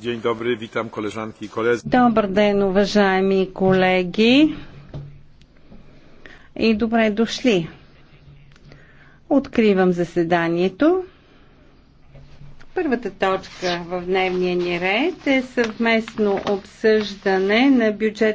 Dzień dobry, witam koleżanki i koledzy. Добър ден, уважаеми колеги. И добре дошли. Откривам заседанието. Първата точка в дневния ни ред е съвместно обсъждане на бюджет.